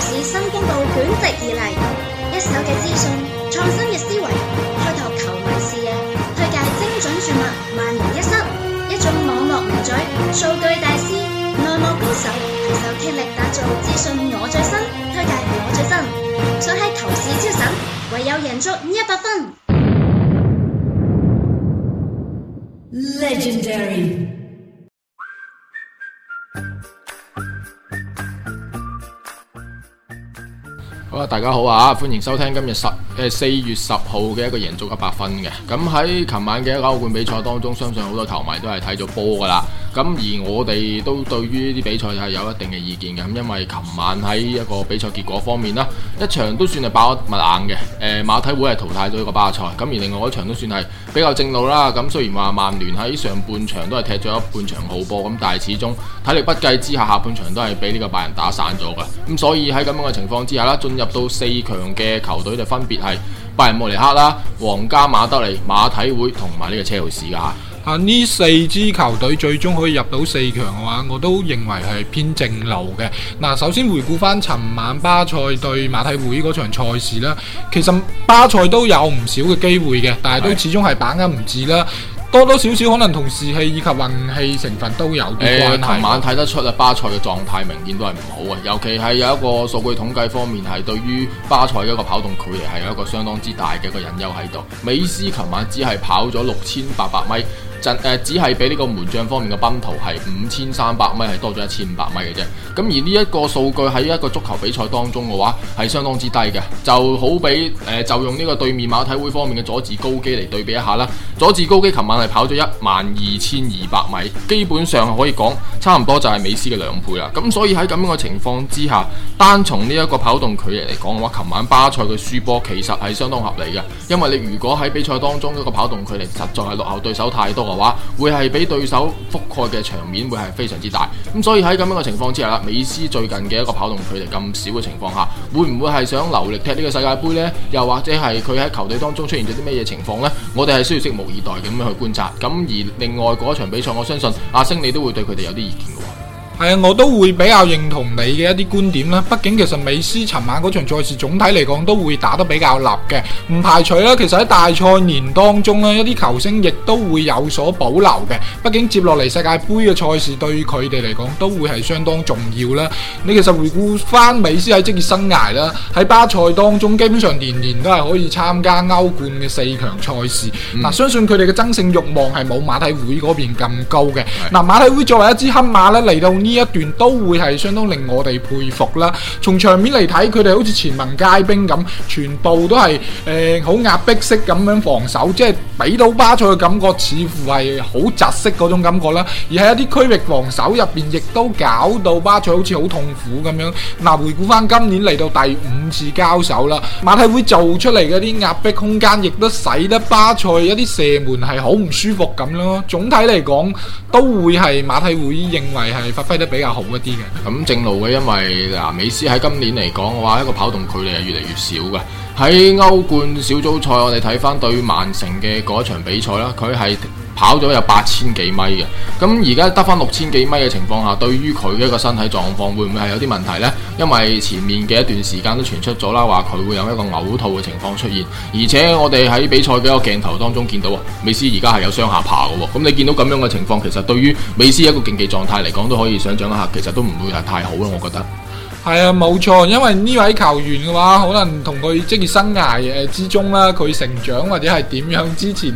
是新公布捲席而嚟，一手嘅資訊，創新嘅思維，開拓球迷視野，推介精準注物，萬無一失。一種網絡名嘴，數據大師，內幕高手，攜手傾力打造資訊我最新，推介我最新，想喺球市超神，唯有贏足一百分。Legendary。好啊！大家好啊！歡迎收聽今日十、呃、四月十號嘅一個贏足一百分嘅，咁喺琴晚嘅一個歐冠比賽當中，相信好多是看球迷都係睇咗波㗎啦。咁而我哋都對於呢啲比賽係有一定嘅意見嘅，咁因為琴晚喺一個比賽結果方面啦，一場都算係爆咗冷嘅，誒馬體會係淘汰咗一個巴塞，咁而另外一場都算係比較正路啦。咁雖然話曼聯喺上半場都係踢咗一半場好波，咁但係始終體力不濟之下，下半場都係俾呢個拜仁打散咗㗎。咁所以喺咁樣嘅情況之下啦，進入到四強嘅球隊就分別係拜仁慕尼黑啦、皇家馬德里、馬體會同埋呢個車路士嘅吓。啊！呢四支球隊最終可以入到四強嘅話，我都認為係偏正路嘅。嗱，首先回顧翻尋晚巴塞對馬體會嗰場賽事啦。其實巴塞都有唔少嘅機會嘅，但係都始終係把握唔住啦。多多少少可能同士氣以及運氣成分都有啲關係。誒、哎，尋晚睇得出啊，巴塞嘅狀態明顯都係唔好啊。尤其係有一個數據統計方面係對於巴塞嘅一個跑動距離係有一個相當之大嘅一個隱憂喺度。美斯尋晚只係跑咗六千八百米。就只係、呃、比呢個門將方面嘅奔徒係五千三百米係多咗一千五百米嘅啫。咁而呢一個數據喺一個足球比賽當中嘅話係相當之低嘅。就好比誒、呃、就用呢個對面馬體會方面嘅佐治高基嚟對比一下啦。佐治高基琴晚係跑咗一萬二千二百米，基本上可以講差唔多就係美斯嘅兩倍啦。咁所以喺咁樣嘅情況之下，單從呢一個跑動距離嚟講嘅話，琴晚巴塞嘅輸波其實係相當合理嘅。因為你如果喺比賽當中一個跑動距離實在係落後對手太多。話會係俾對手覆蓋嘅場面會係非常之大，咁所以喺咁樣嘅情況之下美斯最近嘅一個跑動距離咁少嘅情況下，會唔會係想留力踢呢個世界盃呢？又或者係佢喺球隊當中出現咗啲咩嘢情況呢？我哋係需要拭目以待咁樣去觀察。咁而另外嗰一場比賽，我相信阿星你都會對佢哋有啲意見。係我都會比較認同你嘅一啲觀點啦。畢竟其實美斯尋晚嗰場賽事，總體嚟講都會打得比較立嘅，唔排除啦。其實喺大賽年當中咧，一啲球星亦都會有所保留嘅。畢竟接落嚟世界杯嘅賽事對佢哋嚟講都會係相當重要啦。你其實回顧翻美斯喺職業生涯啦，喺巴塞當中基本上年年都係可以參加歐冠嘅四強賽事。嗱、嗯，相信佢哋嘅爭勝慾望係冇馬體會嗰邊咁高嘅。嗱的，馬體會作為一支黑馬咧，嚟到呢。呢一段都會係相當令我哋佩服啦。從場面嚟睇，佢哋好似全民皆兵咁，全部都係呃、好壓迫式咁樣防守，即係。俾到巴塞嘅感覺似乎係好窒息嗰種感覺啦，而喺一啲區域防守入邊，亦都搞到巴塞好似好痛苦咁樣。嗱，回顧翻今年嚟到第五次交手啦，馬體會做出嚟嗰啲壓迫空間，亦都使得巴塞一啲射門係好唔舒服咁咯。總體嚟講，都會係馬體會認為係發揮得比較好一啲嘅。咁正路嘅，因為嗱，美斯喺今年嚟講嘅話，一個跑動距離係越嚟越少嘅。喺歐冠小組賽，我哋睇翻對曼城嘅嗰場比賽啦，佢係跑咗有八千幾米嘅，咁而家得翻六千幾米嘅情況下，對於佢嘅一個身體狀況，會唔會係有啲問題呢？因為前面嘅一段時間都傳出咗啦，話佢會有一個嘔、呃、吐嘅情況出現，而且我哋喺比賽嘅一個鏡頭當中見到，美斯而家係有雙下巴嘅喎，咁你見到咁樣嘅情況，其實對於美斯嘅一個競技狀態嚟講，都可以想象一下，其實都唔會係太好啦，我覺得。係啊，冇錯，因為呢位球員嘅話，可能同佢職業生涯誒之中啦，佢成長或者係點樣之前，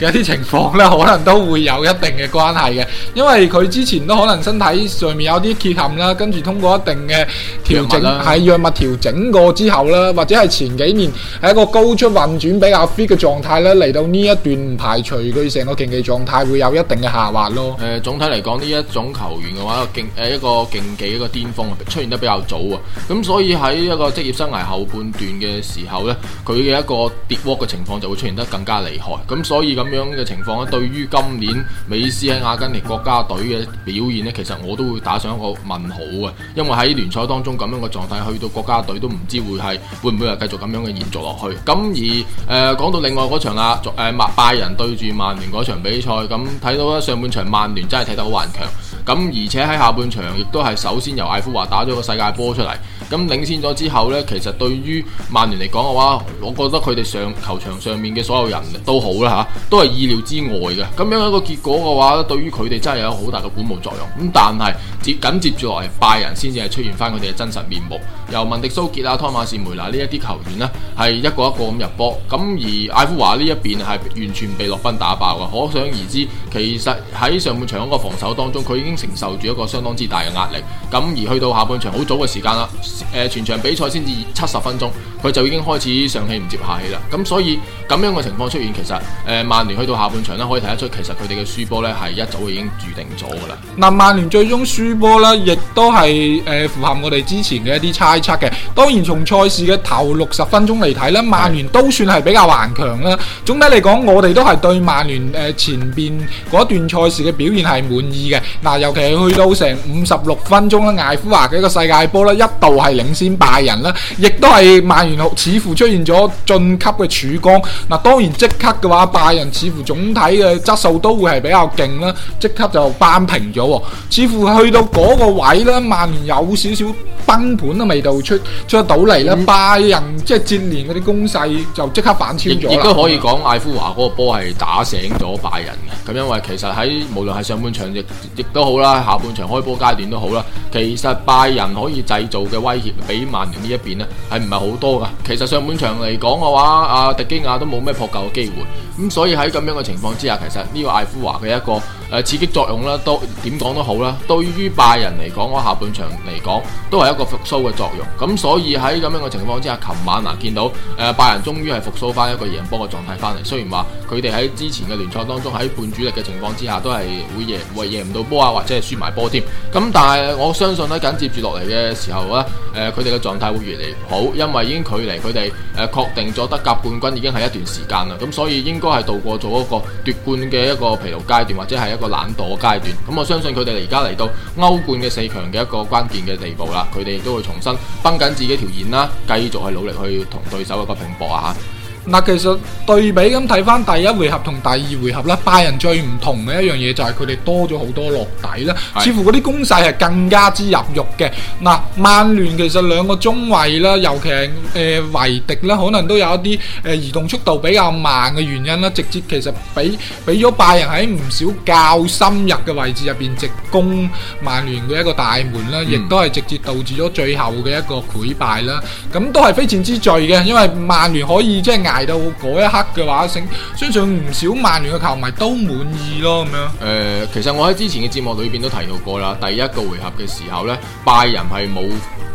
有啲情況咧，可能都會有一定嘅關係嘅，因為佢之前都可能身體上面有啲缺陷啦，跟住通過一定嘅調整，喺藥物調整過之後啦，或者係前幾年喺一個高速運轉比較 fit 嘅狀態咧，嚟到呢一段排除佢成個競技狀態會有一定嘅下滑咯。誒、呃，總體嚟講，呢一種球員嘅話競誒、呃、一個競技一個巔峰出現得比較早啊，咁所以喺一個職業生涯後半段嘅時候咧，佢嘅一個跌窩嘅情況就會出現得更加厲害，咁所以咁。咁樣嘅情況咧，對於今年美斯喺阿根廷國家隊嘅表現咧，其實我都會打上一個問號嘅，因為喺聯賽當中咁樣嘅狀態，去到國家隊都唔知會係會唔會係繼續咁樣嘅延續落去。咁而誒講、呃、到另外嗰場啊，誒、呃、拜仁對住曼聯嗰場比賽，咁睇到上半場曼聯真係睇得好頑強，咁而且喺下半場亦都係首先由艾夫華打咗個世界波出嚟。咁領先咗之後呢，其實對於曼聯嚟講嘅話，我覺得佢哋上球場上面嘅所有人都好啦嚇，都係意料之外嘅。咁樣一個結果嘅話，對於佢哋真係有好大嘅鼓舞作用。咁但係接緊接住落嚟，拜仁先至係出現翻佢哋嘅真實面目，由文迪蘇傑啊、托馬士梅拿呢一啲球員呢，係一個一個咁入波。咁而艾夫華呢一邊係完全被洛賓打爆嘅，可想而知，其實喺上半場嗰個防守當中，佢已經承受住一個相當之大嘅壓力。咁而去到下半場好早嘅時間啦。呃、全場比賽先至七十分鐘，佢就已經開始上氣唔接下氣啦。咁所以咁樣嘅情況出現，其實誒、呃、曼聯去到下半場呢，可以睇得出其實佢哋嘅輸波呢係一早已經注定咗噶啦。嗱，曼聯最終輸波呢，亦都係誒、呃、符合我哋之前嘅一啲猜測嘅。當然從賽事嘅頭六十分鐘嚟睇呢，曼聯都算係比較頑強啦。總體嚟講，我哋都係對曼聯誒、呃、前邊嗰段賽事嘅表現係滿意嘅。嗱、呃，尤其係去到成五十六分鐘咧，艾夫華嘅一個世界波呢，一度係，領先拜仁啦，亦都係曼聯，似乎出現咗晉級嘅曙光。嗱，當然即刻嘅話，拜仁似乎總體嘅質素都會係比較勁啦，即刻就扳平咗。似乎去到嗰個位咧，曼聯有少少崩盤嘅味道出出到嚟啦。拜仁即係接連嗰啲攻勢，就即刻反超咗。亦亦都可以講艾夫華嗰個波係打醒咗拜仁嘅。咁因為其實喺無論係上半場亦亦都好啦，下半場開波階段都好啦，其實拜仁可以製造嘅威力。比曼聯呢一邊呢，係唔係好多噶？其實上半場嚟講嘅話，阿迪基亞都冇咩破舊嘅機會，咁所以喺咁樣嘅情況之下，其實呢個艾夫華嘅一個。呃、刺激作用啦，都點講都好啦。對於拜仁嚟講，我下半場嚟講都係一個復甦嘅作用。咁所以喺咁樣嘅情況之下，琴晚嗱、呃、見到誒、呃、拜仁終於係復甦翻一個贏波嘅狀態翻嚟。雖然話佢哋喺之前嘅聯賽當中喺半主力嘅情況之下，都係會贏為贏唔到波啊，或者係輸埋波添。咁但係我相信呢，緊接住落嚟嘅時候呢，誒佢哋嘅狀態會越嚟越好，因為已經距離佢哋誒確定咗德甲冠軍已經係一段時間啦。咁所以應該係渡過咗一個奪冠嘅一個疲勞階段，或者係一個懶惰嘅階段，咁我相信佢哋嚟而家嚟到歐冠嘅四強嘅一個關鍵嘅地步啦，佢哋亦都會重新繃緊自己條弦啦，繼續去努力去同對手一個拼搏啊！嗱，其實對比咁睇翻第一回合同第二回合咧，拜仁最唔同嘅一樣嘢就係佢哋多咗好多落底啦，似乎嗰啲攻勢係更加之入肉嘅。嗱，曼聯其實兩個中衞啦，尤其係誒維迪啦，可能都有一啲誒移動速度比較慢嘅原因啦，直接其實俾俾咗拜仁喺唔少較深入嘅位置入邊直攻曼聯嘅一個大門啦，亦都係直接導致咗最後嘅一個潰敗啦。咁都係非戰之罪嘅，因為曼聯可以即係壓。嚟到嗰一刻嘅話，相信唔少曼聯嘅球迷都滿意咯咁樣。誒、呃，其實我喺之前嘅節目裏邊都提到過啦。第一個回合嘅時候呢，拜仁係冇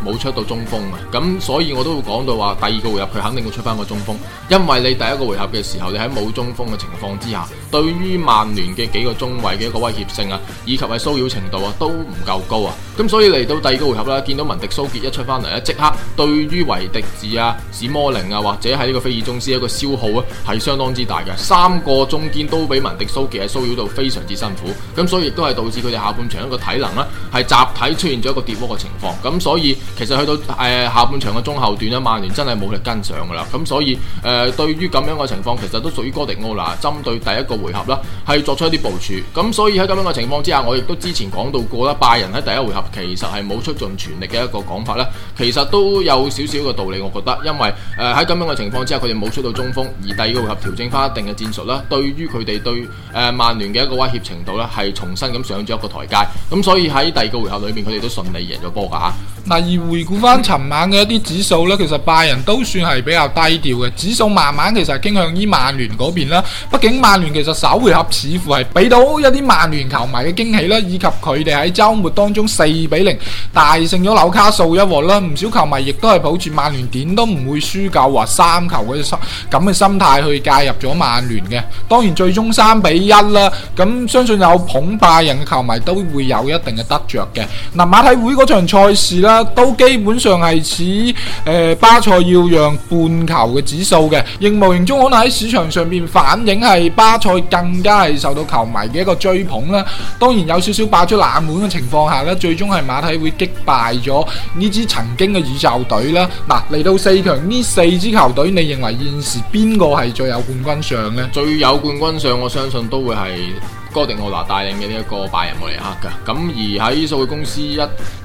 冇出到中鋒啊，咁所以我都會講到話，第二個回合佢肯定會出翻個中鋒，因為你第一個回合嘅時候，你喺冇中鋒嘅情況之下，對於曼聯嘅幾個中衛嘅一個威脅性啊，以及係騷擾程度啊，都唔夠高啊。咁所以嚟到第二個回合啦，見到文迪蘇杰一出返嚟咧，即刻對於維迪治啊、史摩寧啊或者喺呢個菲爾鍾斯一個消耗啊，係相當之大嘅。三個中堅都俾文迪蘇杰喺騷擾到非常之辛苦，咁所以亦都係導致佢哋下半場一個體能啦，係集體出現咗一個跌落嘅情況。咁所以其實去到誒、呃、下半場嘅中後段咧，曼聯真係冇力跟上噶啦。咁所以誒、呃、對於咁樣嘅情況，其實都屬於哥迪奧拿針對第一個回合啦，係作出一啲部署。咁所以喺咁樣嘅情況之下，我亦都之前講到過啦，拜仁喺第一回合。其實係冇出盡全力嘅一個講法啦。其實都有少少嘅道理，我覺得，因為誒喺咁樣嘅情況之下，佢哋冇出到中鋒，而第二個回合調整翻一定嘅戰術啦，對於佢哋對誒、呃、曼聯嘅一個威脅程度呢，係重新咁上咗一個台階，咁所以喺第二個回合裏面，佢哋都順利贏咗波㗎嚇。嗱，而回顧翻尋晚嘅一啲指數呢，其實拜仁都算係比較低調嘅指數，慢慢其實傾向於曼聯嗰邊啦。畢竟曼聯其實首回合似乎係俾到一啲曼聯球迷嘅驚喜啦，以及佢哋喺週末當中四。二比零大勝咗紐卡素一鑊啦，唔少球迷亦都係抱住曼聯點都唔會輸夠或三球嘅心咁嘅心態去介入咗曼聯嘅，當然最終三比一啦。咁相信有捧拜仁嘅球迷都會有一定嘅得着嘅。嗱，馬體會嗰場賽事啦，都基本上係似誒、呃、巴塞要讓半球嘅指數嘅，亦無形中可能喺市場上面反映係巴塞更加係受到球迷嘅一個追捧啦。當然有少少爆出冷門嘅情況下咧，最終。係馬體會擊敗咗呢支曾經嘅宇宙隊啦！嗱、啊，嚟到四強，呢四支球隊，你認為現時邊個係最有冠軍相呢？最有冠軍相，我相信都會係。哥迪奧拿帶領嘅呢一個拜仁慕尼黑㗎，咁而喺數據公司的一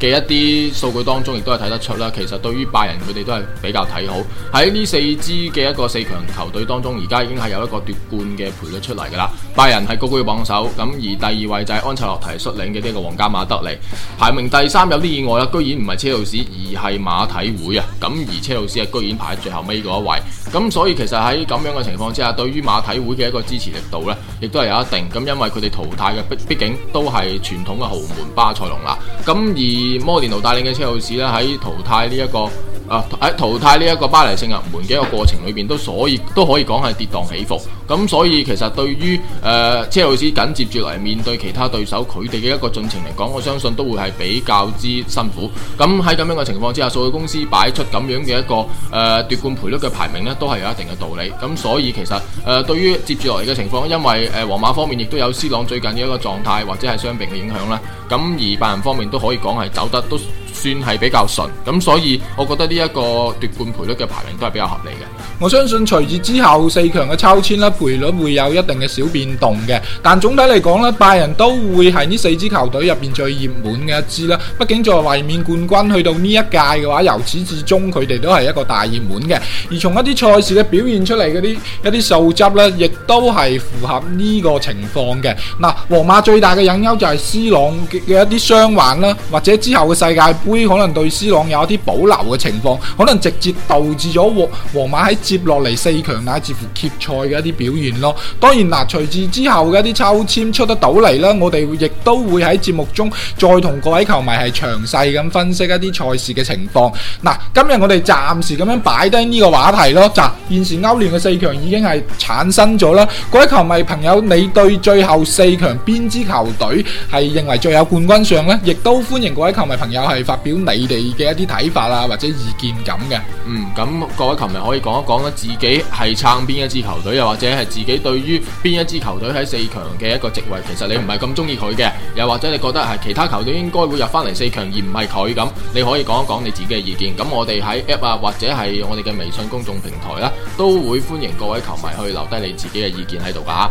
嘅一啲數據當中，亦都係睇得出啦。其實對於拜仁佢哋都係比較睇好。喺呢四支嘅一個四強球隊當中，而家已經係有一個奪冠嘅賠率出嚟㗎啦。拜仁係高居榜首，咁而第二位就係安察洛堤率領嘅呢個皇家馬德里。排名第三有啲意外啦，居然唔係車路士，而係馬體會啊。咁而車路士啊，居然排喺最後尾嗰一位。咁所以其實喺咁樣嘅情況之下，對於馬體會嘅一個支持力度呢，亦都係有一定。咁因為佢哋淘汰嘅畢畢竟都係傳統嘅豪門巴塞隆拿。咁而摩連奴帶領嘅車路士呢，喺淘汰呢、這、一個。啊，喺淘汰呢一個巴黎聖日門嘅一個過程裏面，都所以都可以講係跌宕起伏。咁所以其實對於、呃、車路士緊接住嚟面對其他對手佢哋嘅一個進程嚟講，我相信都會係比較之辛苦。咁喺咁樣嘅情況之下，數據公司擺出咁樣嘅一個誒奪、呃、冠賠率嘅排名呢，都係有一定嘅道理。咁所以其實、呃、對於接住落嚟嘅情況，因為誒、呃、皇馬方面亦都有 C 朗最近嘅一個狀態或者係傷病嘅影響啦。咁而拜仁方面都可以講係走得都算係比較順咁，所以我覺得呢一個奪冠賠率嘅排名都係比較合理嘅。我相信隨住之後四強嘅抽簽啦，賠率會有一定嘅小變動嘅。但總體嚟講呢，拜仁都會係呢四支球隊入邊最熱門嘅一支啦。畢竟作為衛冕冠,冠軍去到呢一屆嘅話，由始至終佢哋都係一個大熱門嘅。而從一啲賽事嘅表現出嚟嗰啲一啲素質呢，亦都係符合呢個情況嘅。嗱，皇馬最大嘅隱憂就係 C 朗嘅一啲傷患啦，或者之後嘅世界可能對 C 朗有一啲保留嘅情況，可能直接導致咗皇馬喺接落嚟四強乃至乎決賽嘅一啲表現咯。當然嗱，隨住之、之後嘅一啲抽簽出得到嚟啦，我哋亦都會喺節目中再同各位球迷係詳細咁分析一啲賽事嘅情況。嗱，今日我哋暫時咁樣擺低呢個話題咯，就現時歐聯嘅四強已經係產生咗啦。各位球迷朋友，你對最後四強邊支球隊係認為最有冠軍相呢？亦都歡迎各位球迷朋友係發。表你哋嘅一啲睇法啊，或者意見咁嘅。嗯，咁各位球迷可以講一講啦，自己係撐邊一支球隊，又或者係自己對於邊一支球隊喺四強嘅一個席位，其實你唔係咁中意佢嘅，又或者你覺得係其他球隊應該會入翻嚟四強，而唔係佢咁，你可以講一講你自己嘅意見。咁我哋喺 app 啊，或者係我哋嘅微信公眾平台啦，都會歡迎各位球迷去留低你自己嘅意見喺度噶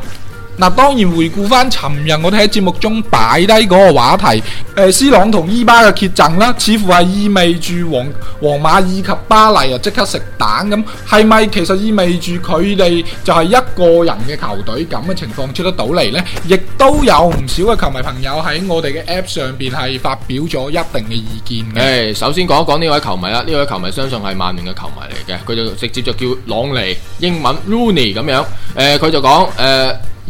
嗱，當然回顧翻尋日，我哋喺節目中擺低嗰個話題，呃、C 朗同伊巴嘅缺陣啦，似乎係意味住皇皇馬以及巴黎啊，即刻食蛋咁，係咪其實意味住佢哋就係一個人嘅球隊咁嘅情況出得到嚟呢？亦都有唔少嘅球迷朋友喺我哋嘅 app 上面係發表咗一定嘅意見嘅。首先講一講呢位球迷啦，呢位球迷相信係曼聯嘅球迷嚟嘅，佢就直接就叫朗尼英文 Rooney 咁樣，佢、呃、就講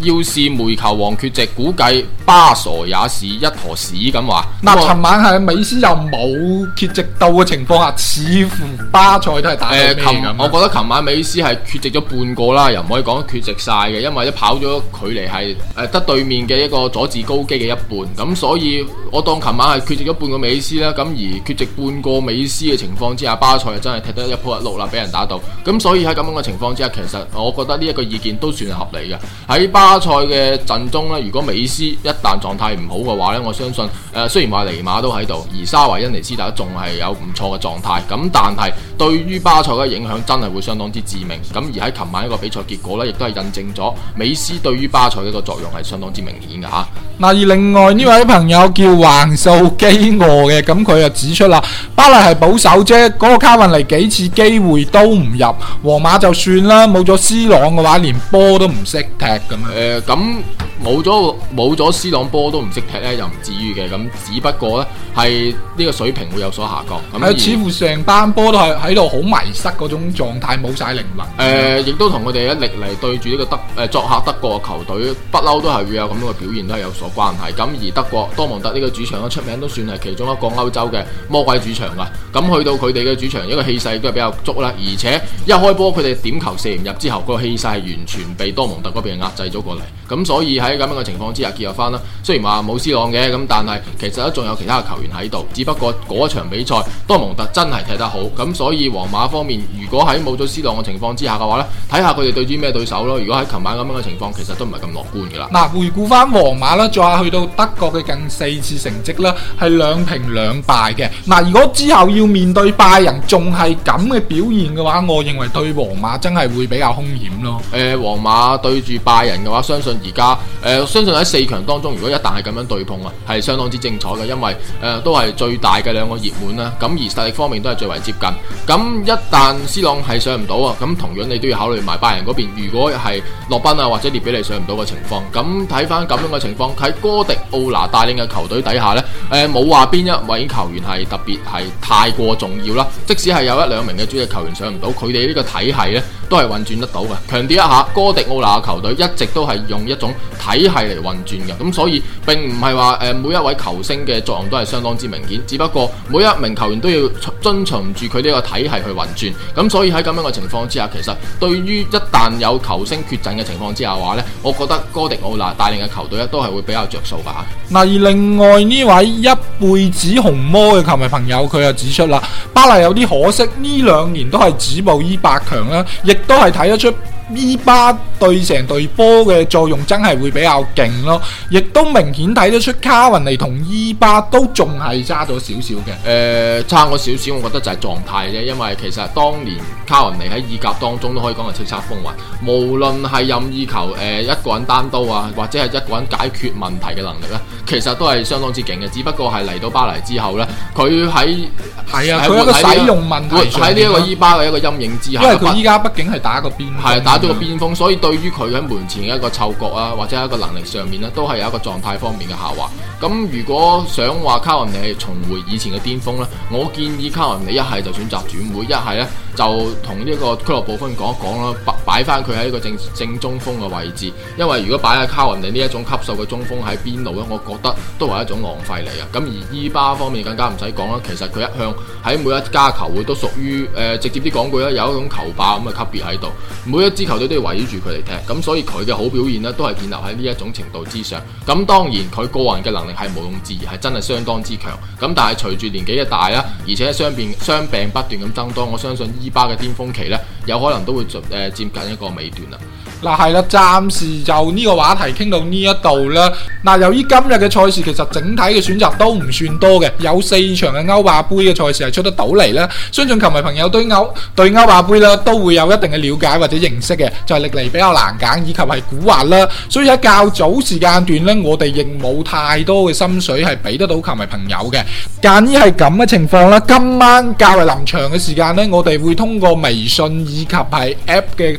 要是梅球王缺席，估計巴傻也是一坨屎咁話。嗱那，琴我晚係美斯又冇缺席到嘅情況下，似乎巴塞都係打到咩咁、呃？琴，麼我覺得琴晚美斯係缺席咗半個啦，又唔可以講缺席晒嘅，因為一跑咗距離係誒得對面嘅一個佐治高基嘅一半，咁所以我當琴晚係缺席咗半個美斯啦。咁而缺席半個美斯嘅情況之下，巴塞真係踢得一鋪一碌啦，俾人打到。咁所以喺咁樣嘅情況之下，其實我覺得呢一個意見都算係合理嘅。喺巴。巴塞嘅陣中咧，如果美斯一旦狀態唔好嘅話咧，我相信誒、呃，雖然話尼馬都喺度，而沙維恩尼斯達仲係有唔錯嘅狀態，咁但係對於巴塞嘅影響真係會相當之致命。咁而喺琴晚一個比賽結果呢，亦都係印證咗美斯對於巴塞嘅一個作用係相當之明顯嘅吓。嗱，而另外呢位朋友叫橫掃飢餓嘅，咁佢就指出啦，巴黎係保守啫，嗰、那個卡雲尼幾次機會都唔入，皇馬就算啦，冇咗 C 朗嘅話，連波都唔識踢咁咁。呃冇咗冇咗 C 朗波都唔識踢咧，又唔至於嘅。咁，只不過咧係呢個水平會有所下降。誒，似乎成班波都係喺度好迷失嗰種狀態，冇晒靈魂。誒，亦都同佢哋一歷嚟對住呢個德誒作客德國嘅球隊不嬲都係會有咁樣嘅表現，都係有所關係，咁而德國多蒙特呢個主場咧，出名都算係其中一個歐洲嘅魔鬼主場啊，咁去到佢哋嘅主場，一個氣勢都係比較足啦。而且一開波佢哋點球射唔入之後個氣勢係完全被多蒙特嗰邊壓制咗過嚟。咁所以喺喺咁樣嘅情況之下結合翻啦，雖然話冇 C 朗嘅，咁但係其實仲有其他嘅球員喺度，只不過嗰一場比賽多蒙特真係踢得好，咁所以皇馬方面如果喺冇咗 C 朗嘅情況之下嘅話呢，睇下佢哋對住咩對手咯。如果喺琴晚咁樣嘅情況，其實都唔係咁樂觀噶啦。嗱，回顧翻皇馬啦，再下去到德國嘅近四次成績啦，係兩平兩敗嘅。嗱，如果之後要面對拜仁仲係咁嘅表現嘅話，我認為對皇馬真係會比較兇險咯。誒、呃，皇馬對住拜仁嘅話，相信而家。誒、呃，相信喺四強當中，如果一旦係咁樣對碰啊，係相當之精彩嘅，因為誒、呃、都係最大嘅兩個熱門啦。咁而實力方面都係最為接近。咁一旦 C 朗係上唔到啊，咁同樣你都要考慮埋拜仁嗰邊，如果係洛賓啊或者列比尼上唔到嘅情況，咁睇翻咁樣嘅情況喺哥迪奧拿帶領嘅球隊底下呢，誒冇話邊一位球員係特別係太過重要啦。即使係有一兩名嘅主力球員上唔到，佢哋呢個體系呢都係運轉得到嘅。強調一下，哥迪奧拿嘅球隊一直都係用一種體系嚟運轉嘅。咁所以並唔係話誒每一位球星嘅作用都係相當之明顯，只不過每一名球員都要遵循住佢呢個體系去運轉。咁所以喺咁樣嘅情況之下，其實對於一旦有球星缺陣嘅情況之下話呢，我覺得哥迪奧拿帶領嘅球隊咧都係會比較着數㗎。嗱，而另外呢位一輩子紅魔嘅球迷朋友，佢又指出啦，巴黎有啲可惜，呢兩年都係止步於八強啦，亦都係睇得出。伊巴、e、對成隊波嘅作用真係會比較勁咯，亦都明顯睇得出卡雲尼同伊巴都仲係差咗少少嘅。誒、呃，差咗少少，我覺得就係狀態啫。因為其實當年卡雲尼喺意甲當中都可以講係叱咤風雲，無論係任意球誒、呃、一個人單刀啊，或者係一個人解決問題嘅能力咧，其實都係相當之勁嘅。只不過係嚟到巴黎之後咧，佢喺係啊，佢在一個使用問題喺呢一個伊巴嘅一個陰影之下，因為佢依家畢竟係打一個邊係、啊、打。個邊鋒，所以對於佢喺門前嘅一個嗅覺啊，或者係一個能力上面咧，都係有一個狀態方面嘅下滑。咁如果想話卡文尼重回以前嘅巔峰咧，我建議卡文尼一係就選擇轉會，一係咧。就同呢一個俱樂部分講一講啦，擺返翻佢喺一個正正中鋒嘅位置，因為如果擺喺卡雲尼呢一種級數嘅中鋒喺邊度呢？我覺得都係一種浪費嚟嘅。咁而伊巴方面更加唔使講啦，其實佢一向喺每一家球會都屬於、呃、直接啲講句啦，有一種球霸咁嘅級別喺度，每一支球隊都要圍繞住佢嚟踢，咁所以佢嘅好表現呢，都係建立喺呢一種程度之上。咁當然佢個人嘅能力係無庸置疑，係真係相當之強。咁但係隨住年紀嘅大啦，而且傷病傷病不斷咁增多，我相信伊巴嘅巔峰期咧，有可能都會盡誒接近一個尾段啦。嗱係啦，暫時就呢個話題傾到呢一度啦。嗱，由於今日嘅賽事其實整體嘅選擇都唔算多嘅，有四場嘅歐霸盃嘅賽事係出得到嚟啦。相信球迷朋友對歐對歐霸盃啦都會有一定嘅了解或者認識嘅，就係歷來比較難揀以及係古惑啦。所以喺較早時間段咧，我哋亦冇太多嘅心水係俾得到球迷朋友嘅。鑒於係咁嘅情況啦，今晚較為臨場嘅時間咧，我哋會通過微信以及係 App 嘅。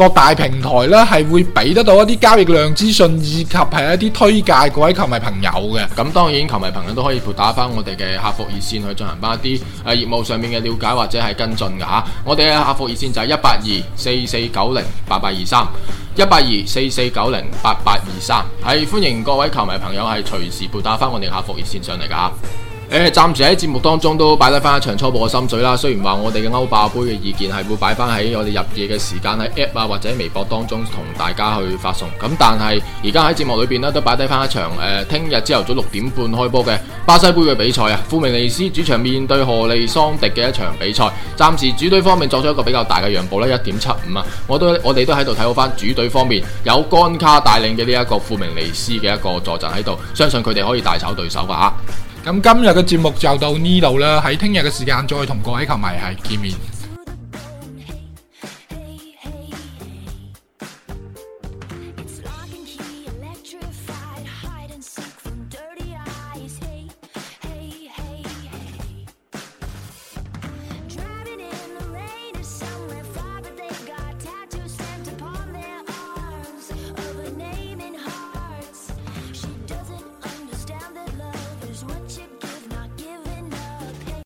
各大平台咧係會俾得到一啲交易量資訊以及係一啲推介，各位球迷朋友嘅。咁當然，球迷朋友都可以撥打翻我哋嘅客服熱線去進行翻一啲誒業務上面嘅了解或者係跟進嘅吓。我哋嘅客服熱線就係一八二四四九零八八二三，一八二四四九零八八二三。係歡迎各位球迷朋友係隨時撥打翻我哋客服熱線上嚟噶。誒，暫時喺節目當中都擺低翻一場初步嘅心水啦。雖然話我哋嘅歐霸杯嘅意見係會擺翻喺我哋入夜嘅時間喺 App 啊或者微博當中同大家去發送咁，但係而家喺節目裏邊咧都擺低翻一場誒，聽日朝頭早六點半開波嘅巴西杯嘅比賽啊，富明尼斯主場面對荷利桑迪嘅一場比賽。暫時主隊方面作出一個比較大嘅讓步呢，一點七五啊。我都我哋都喺度睇好翻主隊方面有干卡帶領嘅呢一個富明尼斯嘅一個助陣喺度，相信佢哋可以大炒對手噶吓。咁今日嘅節目就到呢度啦，喺聽日嘅時間再同各位球迷係見面。